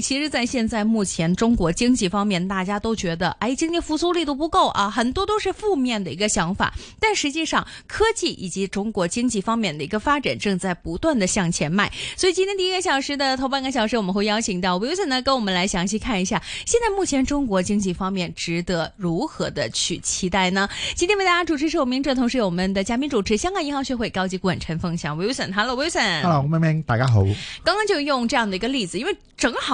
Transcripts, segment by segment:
其實在現在目前中國經濟方面，大家都覺得哎，經濟復蘇力度不夠啊，很多都是負面的一個想法。但實際上，科技以及中國經濟方面的一個發展正在不斷的向前邁。所以今天第一個小時的頭半個小時，我們會邀請到 Wilson 呢，跟我們來詳細看一下現在目前中國經濟方面值得如何的去期待呢？今天為大家主持是我們明哲，同時有我們的嘉賓主持，香港銀行學會高級顧問陳鳳翔 Wilson。Hello，Wilson。Hello，明明，大家好。剛剛就用這樣的一個例子，因為正好。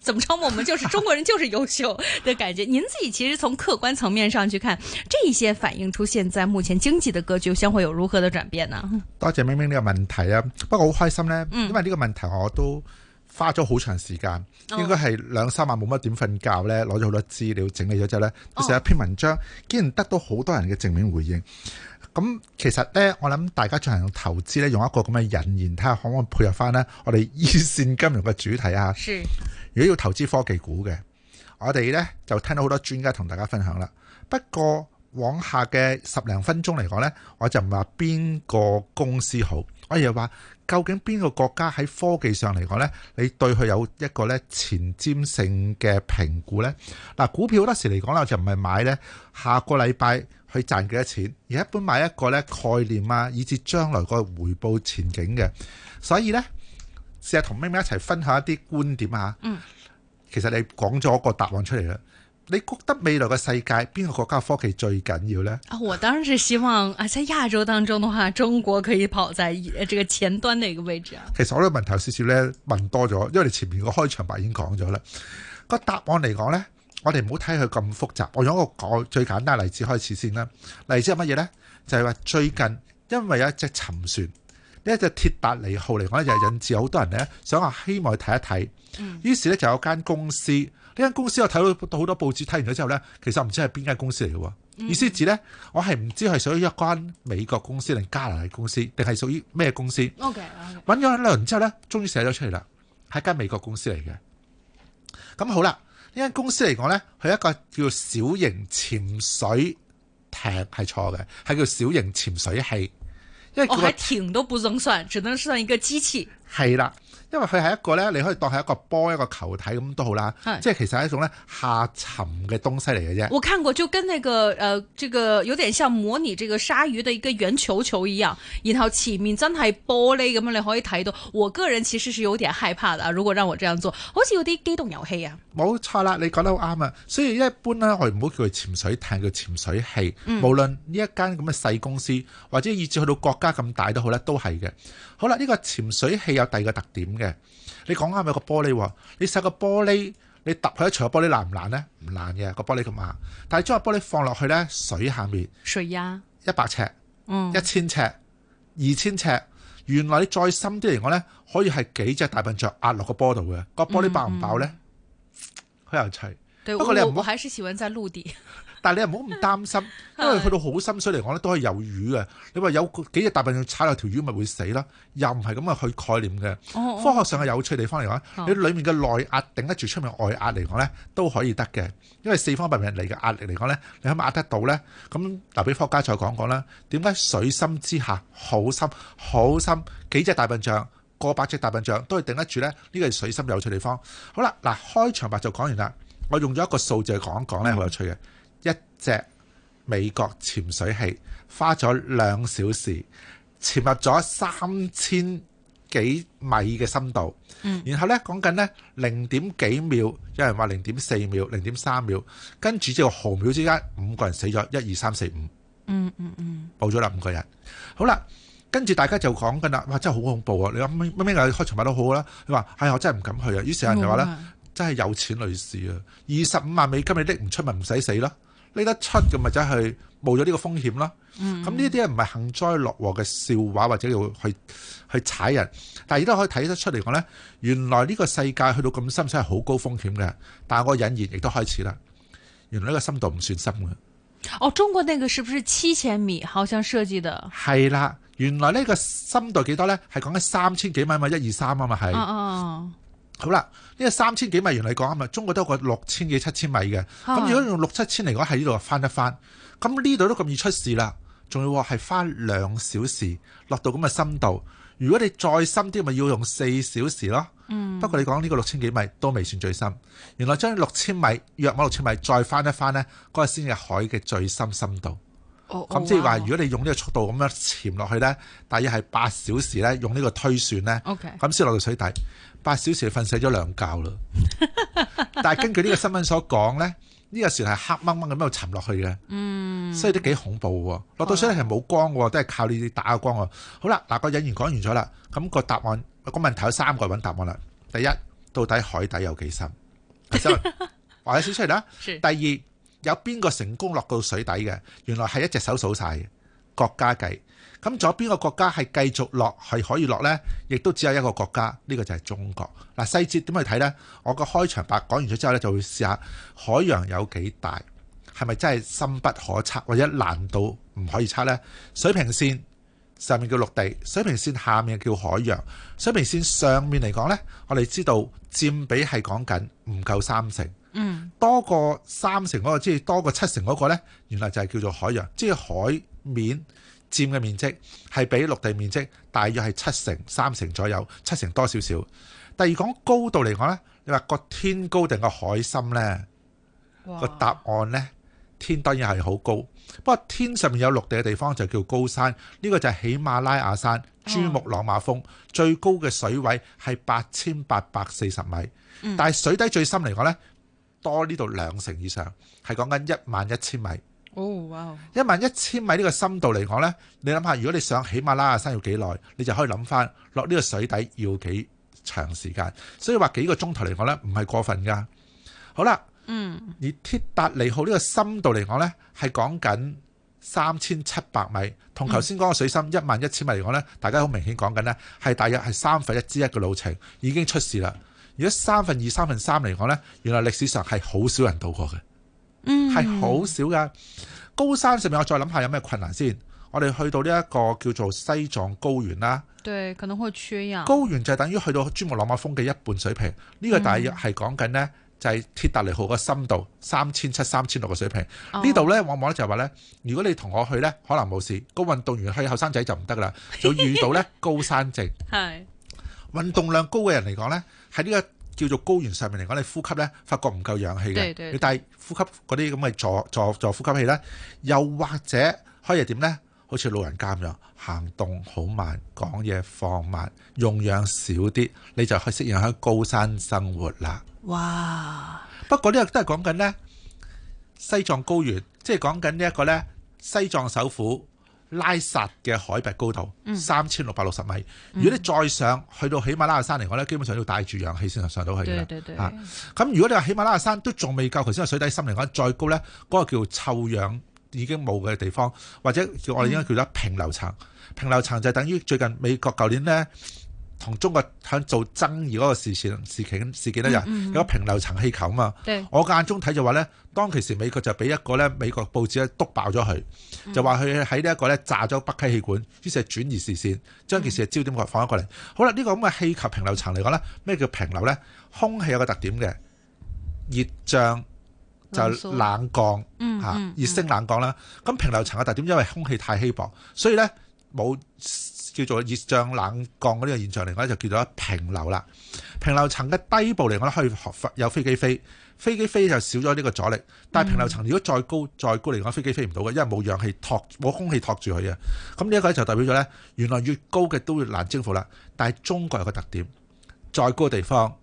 怎麼着我們就是中國人，就是優秀的感覺。 您自己其實從客觀層面上去看，這一些反映出現在目前經濟的格局，將會有如何的轉變呢？多謝明明呢個問題啊！不過好開心呢，因為呢個問題我都花咗好長時間，應該係兩三晚冇乜點瞓覺呢，攞咗好多資料整理咗之後呢寫一篇文章，竟然得到好多人嘅正面回應。咁其實咧，我諗大家進行投資咧，用一個咁嘅引言睇下可唔可以配合翻咧。我哋二線金融嘅主題啊，如果要投資科技股嘅，我哋咧就聽到好多專家同大家分享啦。不過往下嘅十零分鐘嚟講咧，我就唔話邊個公司好，我又話。究竟邊個國家喺科技上嚟講呢？你對佢有一個咧前瞻性嘅評估呢？嗱，股票好多時嚟講呢，我就唔係買呢，下個禮拜去賺幾多錢，而一般買一個咧概念啊，以至將來個回報前景嘅。所以呢，試下同咩咩一齊分享一啲觀點啊！嗯，其實你講咗個答案出嚟啦。你覺得未來嘅世界邊個國家科技最緊要呢？啊，我當然是希望啊，在亞洲當中的話，中國可以跑在誒這個前端呢個位置啊。其實我嘅問題少少咧問多咗，因為我前面個開場白已經講咗啦。個答案嚟講呢，我哋唔好睇佢咁複雜。我用一個最簡單例子開始先啦。例子係乜嘢呢？就係話最近因為有一隻沉船，呢一隻鐵達尼號嚟講咧，就引致好多人呢想話希望睇一睇。嗯。於是呢，就有間公司。呢間公司我睇到好多報紙，睇完咗之後咧，其實唔知係邊間公司嚟嘅喎。意思指咧，我係唔知係屬於一間美國公司定加拿大公司，定係屬於咩公司 o、okay, 搵咗、okay. 一輪之後咧，終於寫咗出嚟啦，係一間美國公司嚟嘅。咁、嗯、好啦，呢間公司嚟講咧，佢一個叫小型潛水艇係錯嘅，係叫小型潛水器，因為、這個、我喺填都不算，只能算一個機器。係啦，因為佢係一個咧，你可以當係一個波，一個球體咁都好啦，即係其實係一種咧，下沉嘅東西嚟嘅啫。我看過，就跟那個誒、呃，這個有點像模擬這個鯊魚的一個圓球球一樣，然後前面真係玻璃咁樣，你可以睇到。我個人其實是有點害怕嘅，如果讓我這樣做，好似有啲機動遊戲啊。冇錯啦，你講得好啱啊。所以一般呢，我哋唔好叫佢潛水艇，叫，叫潛水器。嗯、無論呢一間咁嘅細公司，或者以至去到國家咁大都好咧，都係嘅。好啦，呢、這個潛水器。有第二個特點嘅，你講啱咪個玻璃喎、哦？你洗個玻璃，你揼佢一除個玻璃爛唔爛咧？唔爛嘅個玻璃咁硬。但係將個玻璃放落去咧，水下面，水啊，一百尺，嗯，一千尺，二千尺，原來你再深啲嚟講咧，可以係幾隻大笨象壓落個波度嘅，個玻璃,玻璃爆唔爆咧？好、嗯嗯、有趣。對，不過你，我，我，我還是喜歡在陸地。 但係你又唔好唔擔心，因為去到好深水嚟講咧，都可以有魚嘅。你話有幾隻大笨象踩落條魚，咪會死啦？又唔係咁嘅去概念嘅。科學上係有趣地方嚟講，你裡面嘅內壓頂得住出面外壓嚟講咧，都可以得嘅。因為四方八面嚟嘅壓力嚟講咧，你係咪壓得到咧，咁留俾科學家再講講啦。點解水深之下好深好深幾隻大笨象過百隻大笨象都係頂得住咧？呢個係水深有趣地方。好啦，嗱，開場白就講完啦。我用咗一個數字去講一講咧，好有趣嘅。一隻美國潛水器花咗兩小時潛入咗三千幾米嘅深度，嗯，然後咧講緊咧零點幾秒，有人話零點四秒、零點三秒，跟住之後毫秒之間五個人死咗，一二三四五，嗯嗯嗯，報咗啦五個人，好啦，跟住大家就講緊啦，哇真係好恐怖啊！你話乜乜嘅開場白都好啦，你話哎我真係唔敢去啊，於是有人就話咧真係有錢女士啊，二十五萬美金你拎唔出咪唔使死咯。睇得出嘅，咪者係冒咗呢個風險啦。咁呢啲係唔係幸災樂禍嘅笑話，或者要去去踩人。但係亦都可以睇得出嚟講咧，原來呢個世界去到咁深先係好高風險嘅。但係我隱然亦都開始啦。原來呢個深度唔算深嘅。哦，中國呢個是不是七千米，好像設計的係啦。原來呢個深度幾多咧？係講緊三千幾米嘛，一二三啊嘛係。好啦，呢、這個三千幾米原嚟講啊嘛，中國都有個六千幾七千米嘅。咁、啊、如果用六七千嚟講，喺呢度翻一翻，咁呢度都咁易出事啦。仲要話係翻兩小時落到咁嘅深度。如果你再深啲，咪要用四小時咯。嗯。不過你講呢、這個六千幾米都未算最深。原來將六千米約莫六千米再翻一翻呢，嗰個先係海嘅最深深深度。咁、哦、即係話，如果你用呢個速度咁樣潛落去呢，大約係八小時呢，用呢個推算呢，OK，咁先落到水底。八小時瞓死咗兩覺啦，但係根據呢個新聞所講咧，呢個船係黑掹掹咁樣沉落去嘅，所以都幾恐怖喎。落到水底係冇光嘅，都係靠你打個光啊。好啦，嗱個引言講完咗啦，咁個答案個問題有三個揾答案啦。第一，到底海底有幾深？話少少出嚟啦。第二，有邊個成功落到水底嘅？原來係一隻手數曬嘅。國家計咁左邊個國家係繼續落係可以落呢？亦都只有一個國家，呢個就係中國。嗱，細節點去睇呢？我個開場白講完咗之後呢，就會試下海洋有幾大，係咪真係深不可測，或者難度唔可以測呢？水平線上面叫陸地，水平線下面叫海洋，水平線上面嚟講呢，我哋知道佔比係講緊唔夠三成，嗯，多過三成嗰個即係多過七成嗰個咧，原來就係叫做海洋，即係海。面佔嘅面積係比陸地面積大約係七成，三成左右，七成多少少。第二講高度嚟講呢，你話個天高定個海深呢？個答案呢，天當然係好高。不過天上面有陸地嘅地方就叫高山，呢、呢個就係喜馬拉雅山、珠穆朗瑪峰、嗯。最高嘅水位係八千八百四十米。但係水底最深嚟講呢，多呢度兩成以上，係講緊一萬一千米。哦，一萬一千米呢個深度嚟講咧，你諗下，如果你上喜馬拉雅山要幾耐，你就可以諗翻落呢個水底要幾長時間，所以話幾個鐘頭嚟講咧，唔係過分噶。好啦，嗯，而鐵達尼號呢個深度嚟講咧，係講緊三千七百米，同頭先嗰個水深一萬一千米嚟講咧，大家好明顯講緊咧，係大約係三分一之一嘅路程已經出事啦。如果三分二、三分三嚟講咧，原來歷史上係好少人到過嘅。係好少噶高山上面我再諗下有咩困難先。我哋去到呢一個叫做西藏高原啦，對，可能會缺氧。高原就係等於去到珠穆朗瑪峰嘅一半水平。呢個大約係講緊呢，就係鐵達尼號嘅深度三千七、三千六嘅水平。哦，呢度呢，往往就係話呢，如果你同我去呢，可能冇事。個運動員去後生仔就唔得啦，就會遇到呢高山症。係 運動量高嘅人嚟講呢，喺呢個。叫做高原上面嚟講，你呼吸呢，發覺唔夠氧氣嘅。但係呼吸嗰啲咁嘅助助助呼吸器呢，又或者開嘢點呢，好似老人家咁樣，行動好慢，講嘢放慢，用氧少啲，你就可以適應喺高山生活啦。哇！不過呢個都係講緊呢，西藏高原，即係講緊呢一個呢，西藏首府。拉薩嘅海拔高度、嗯、三千六百六十米，如果你再上去到喜馬拉雅山嚟講咧，基本上要帶住氧氣先能上到去嘅咁、啊、如果你話喜馬拉雅山都仲未夠頭先個水底深嚟講，再高呢，嗰、那個叫臭氧已經冇嘅地方，或者叫我哋應該叫做平流層。嗯、平流層就係等於最近美國舊年呢。同中國喺做爭議嗰個事前事景事件咧、嗯嗯，有個平流層氣球啊嘛。我眼中睇就話呢，當其時美國就俾一個咧美國報紙督爆咗佢、嗯，就話佢喺呢一個咧炸咗北溪氣管，於是轉移視線，將其時嘅焦點放翻過嚟、嗯。好啦，呢、呢個咁嘅氣球平流層嚟講呢，咩叫平流呢？空氣有個特點，嘅熱漲就冷降，嚇、嗯嗯、熱升冷降啦。咁、嗯嗯、平流層嘅特點，因為空氣太稀薄，所以呢。冇。叫做熱漲冷降呢個嘅現象嚟講就叫做平流啦。平流層嘅底部嚟講可以學有飛機飛，飛機飛就少咗呢個阻力。但係平流層如果再高、嗯、再高嚟講，飛機飛唔到嘅，因為冇氧氣托冇空氣托住佢嘅。咁呢一個就代表咗呢，原來越高嘅都越難征服啦。但係中國有個特點，再高嘅地方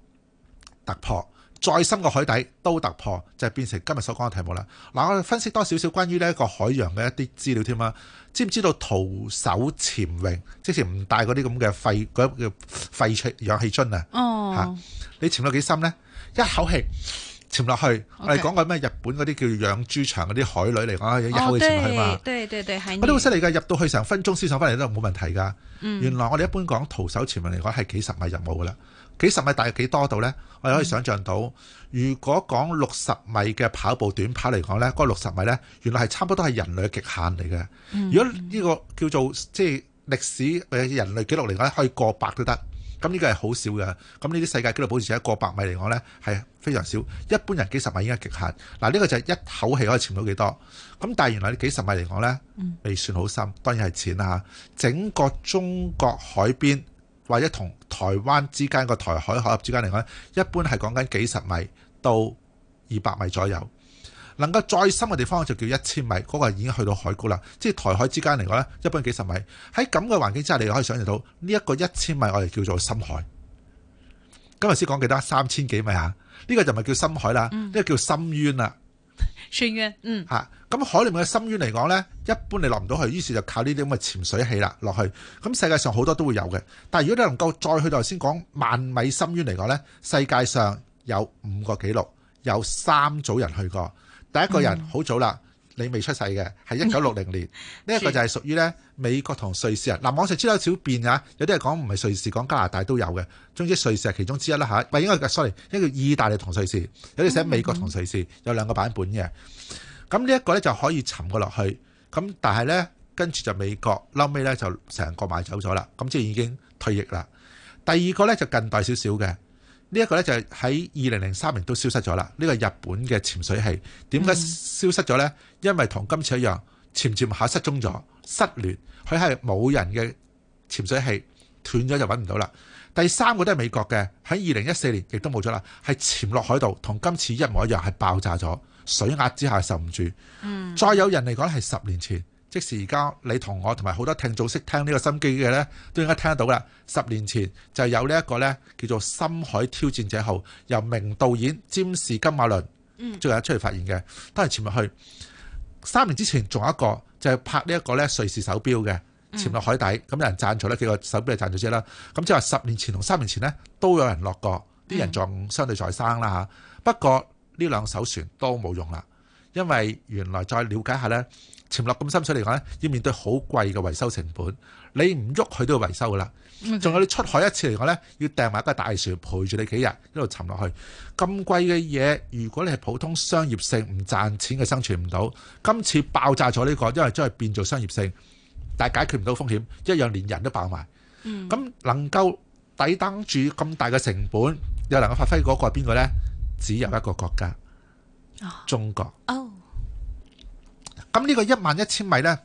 突破。再深嘅海底都突破，就係、是、變成今日所講嘅題目啦。嗱，我哋分析多少少關於呢一個海洋嘅一啲資料添啦。知唔知道徒手潛泳？即前唔帶嗰啲咁嘅廢嗰叫廢氧氣樽、oh. 啊。哦。嚇！你潛落幾深咧？一口氣潛落去，okay. 我哋講過咩？日本嗰啲叫養豬場嗰啲海女嚟講，一口氣潛落去嘛。對、oh, 對對，係。啲好犀利㗎，入到去成分鐘，舒爽翻嚟都冇問題㗎。Mm. 原來我哋一般講徒手潛泳嚟講係幾十米任務㗎啦。幾十米大約幾多度呢？我哋可以想象到，如果講六十米嘅跑步短跑嚟講呢，嗰六十米呢，原來係差唔多都係人類極限嚟嘅。如果呢個叫做即係歷史人類紀錄嚟講呢，可以過百都得。咁呢個係好少嘅。咁呢啲世界紀錄保持者過百米嚟講呢，係非常少。一般人幾十米已經係極限。嗱，呢個就係一口氣可以潛到幾多？咁但係原來你幾十米嚟講呢，未算好深，當然係淺啦。整個中國海邊。或者同台灣之間個台海海峽之間嚟講，一般係講緊幾十米到二百米左右，能夠再深嘅地方就叫一千米，嗰個已經去到海谷啦。即係台海之間嚟講咧，一般幾十米。喺咁嘅環境之下，你可以想像到呢一個一千米，我哋叫做深海今天才。今日先講幾多？三千幾米啊？呢、這個就唔係叫深海啦，呢、這個叫深淵啦。深淵，嗯，吓，咁海裏面嘅深淵嚟講呢，一般你落唔到去，於是就靠呢啲咁嘅潛水器啦落去。咁世界上好多都會有嘅，但係如果你能夠再去到頭先講萬米深淵嚟講呢，世界上有五個紀錄，有三組人去過，第一個人好早啦。嗯你未出世嘅係一九六零年呢一個就係屬於咧美國同瑞士啊。嗱，我成時都有少變嚇網上知道少變㗎，有啲係講，唔係瑞士，講加拿大都有嘅。總之瑞士係其中之一啦嚇。唔係應該嘅，sorry，應該叫意大利同瑞士，有啲寫美國同瑞士，有兩個版本嘅。咁呢一個咧就可以沉個落去咁，但係咧跟住就美國撈尾咧就成個買走咗啦。咁即係已經退役啦。第二個咧就近代少少嘅。呢、這、一個咧就係喺二零零三年都消失咗啦。呢個日本嘅潛水器點解消失咗呢？因為同今次一樣，潛潛下失蹤咗，失聯，佢係冇人嘅潛水器斷咗就揾唔到啦。第三個都係美國嘅，喺二零一四年亦都冇咗啦，係潛落海度，同今次一模一樣，係爆炸咗，水壓之下受唔住。再有人嚟講係十年前。即使而家你同我同埋好多聽眾識聽呢個心機嘅呢，都應該聽得到啦。十年前就有呢、這、一個呢，叫做深海挑戰者號，由名導演詹士金馬倫最後一、嗯、出嚟發現嘅。都係潛入去。三年之前仲有一個就係、是、拍呢一個呢瑞士手錶嘅潛落海底，咁、嗯、有人贊助呢幾個手錶係贊助者啦。咁即係十年前同三年前呢，都有人落過，啲人仲相對在生啦、嗯、不過呢兩艘船都冇用啦。因為原來再了解下呢，潛落咁深水嚟講呢，要面對好貴嘅維修成本。你唔喐佢都要維修噶啦。仲有你出海一次嚟講呢，要掟埋一個大船陪住你幾日，一路沉落去。咁貴嘅嘢，如果你係普通商業性唔賺錢嘅，生存唔到，今次爆炸咗呢個，因為將佢變做商業性，但係解決唔到風險，一樣連人都爆埋。咁能夠抵擋住咁大嘅成本，又能夠發揮嗰個係邊個咧？只有一個國家。中國哦，咁呢個一萬一千米呢，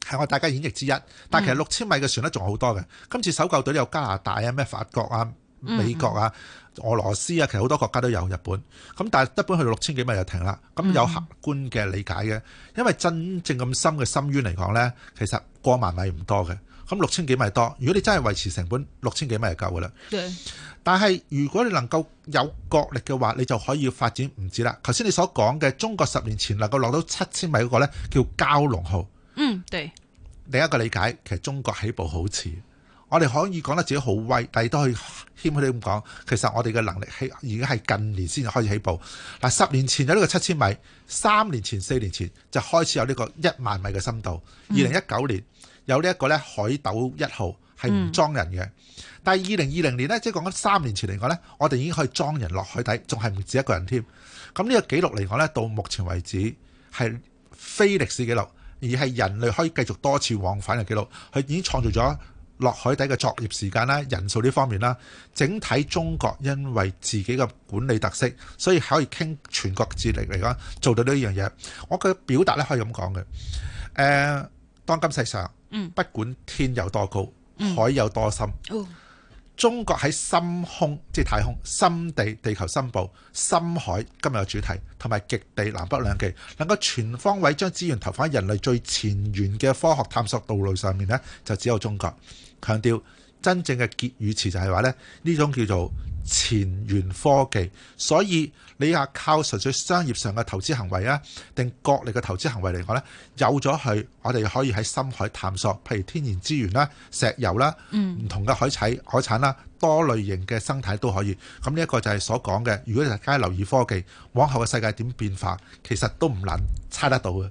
係我大家演繹之一，但其實六千米嘅船呢仲好多嘅，今次搜救隊有加拿大啊、咩法國啊、美國啊、俄羅斯啊，其實好多國家都有日本，咁但係一般去到六千幾米就停啦，咁有客觀嘅理解嘅，因為真正咁深嘅深淵嚟講呢，其實過萬米唔多嘅。咁六千幾米多，如果你真係維持成本六千幾米就夠嘅啦。對，但係如果你能夠有國力嘅話，你就可以發展唔止啦。頭先你所講嘅中國十年前能夠落到七千米嗰個呢，叫蛟龍號。嗯，對。第一個理解，其實中國起步好遲。我哋可以講得自己好威，但係都可以謙虛啲咁講，其實我哋嘅能力起，已經係近年先至開始起步。嗱，十年前有呢個七千米，三年前、四年前就開始有呢個一萬米嘅深度。二零一九年。有呢一個咧，海斗一號係唔裝人嘅。嗯。但係二零二零年呢，即係講緊三年前嚟講呢，我哋已經可以裝人落海底，仲係唔止一個人添。咁呢個紀錄嚟講呢，到目前為止係非歷史紀錄，而係人類可以繼續多次往返嘅紀錄。佢已經創造咗落海底嘅作業時間啦、人數呢方面啦。整體中國因為自己嘅管理特色，所以可以傾全國智力嚟講做到呢樣嘢。我嘅表達呢，可以咁講嘅，呃當今世上，不管天有多高、嗯、海有多深，嗯、中國喺深空即係太空、深地、地球深部、深海，今日嘅主題，同埋極地南北兩極，能夠全方位將資源投放喺人類最前沿嘅科學探索道路上面呢，就只有中國。強調真正嘅結語詞就係話咧，呢種叫做。前沿科技，所以你啊靠純粹商業上嘅投資行為啊，定國力嘅投資行為嚟講呢，有咗佢，我哋可以喺深海探索，譬如天然資源啦、石油啦、唔、嗯、同嘅海產、海產啦，多類型嘅生態都可以。咁呢一個就係所講嘅，如果大家留意科技，往後嘅世界點變化，其實都唔難猜得到嘅。